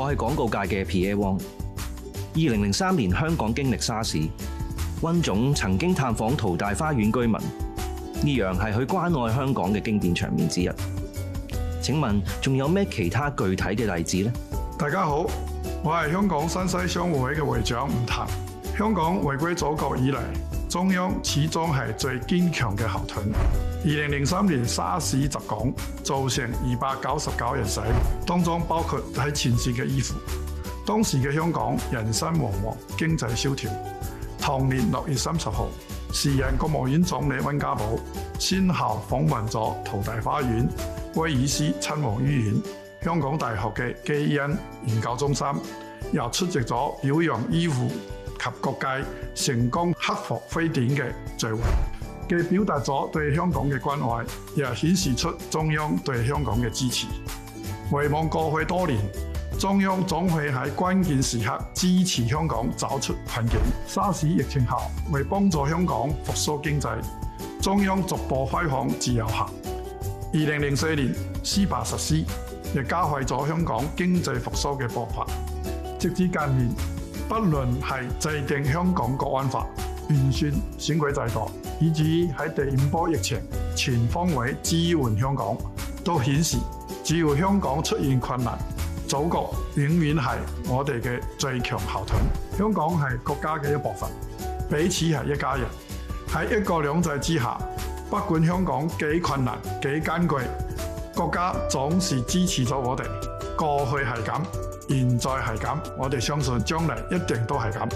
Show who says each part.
Speaker 1: 我係廣告界嘅 Pierre Wong。二零零三年香港經歷沙士，溫總曾經探訪淘大花園居民，呢樣係佢關愛香港嘅經典場面之一。請問仲有咩其他具體嘅例子呢？
Speaker 2: 大家好，我係香港山西商會嘅會長吳騰。香港回歸祖國以來，中央始終係最堅強嘅後盾。二零零三年沙士襲港，造成二百九十九人死，當中包括喺前線嘅醫護。當時嘅香港人心惶惶，經濟蕭條。同年六月三十號，時任國務院總理溫家寶先後訪問咗淘大花園、威爾斯親王醫院、香港大學嘅基因研究中心，又出席咗表揚醫護及各界成功克服非典嘅聚會，既表達咗對香港嘅關愛，也顯示出中央對香港嘅支持。回望過去多年，中央總會喺關鍵時刻支持香港走出困境。沙士疫情後，為幫助香港復甦經濟，中央逐步開放自由行。二零零四年，CEPA 實施，亦加快咗香港經濟復甦嘅步伐。直至近年，不論係制定香港國安法、完善選舉制度，以至於喺第五波疫情全方位支援香港，都顯示，只要香港出現困難，祖國永遠係我哋嘅最強後盾。香港係國家嘅一部分，彼此係一家人。喺一國兩制之下，不管香港幾困難、幾艱巨。國家總是支持咗我哋，過去係咁，現在係咁，我哋相信將來一定都係咁。